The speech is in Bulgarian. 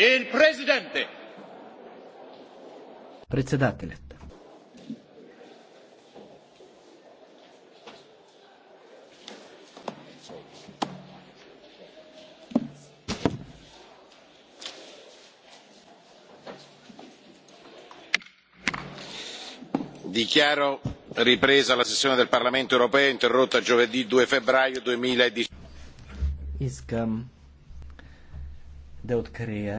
Il Presidente. Председателят. Dichiaro ripresa la sessione del Parlamento europeo interrotta giovedì 2 febbraio 2010. Искам да открия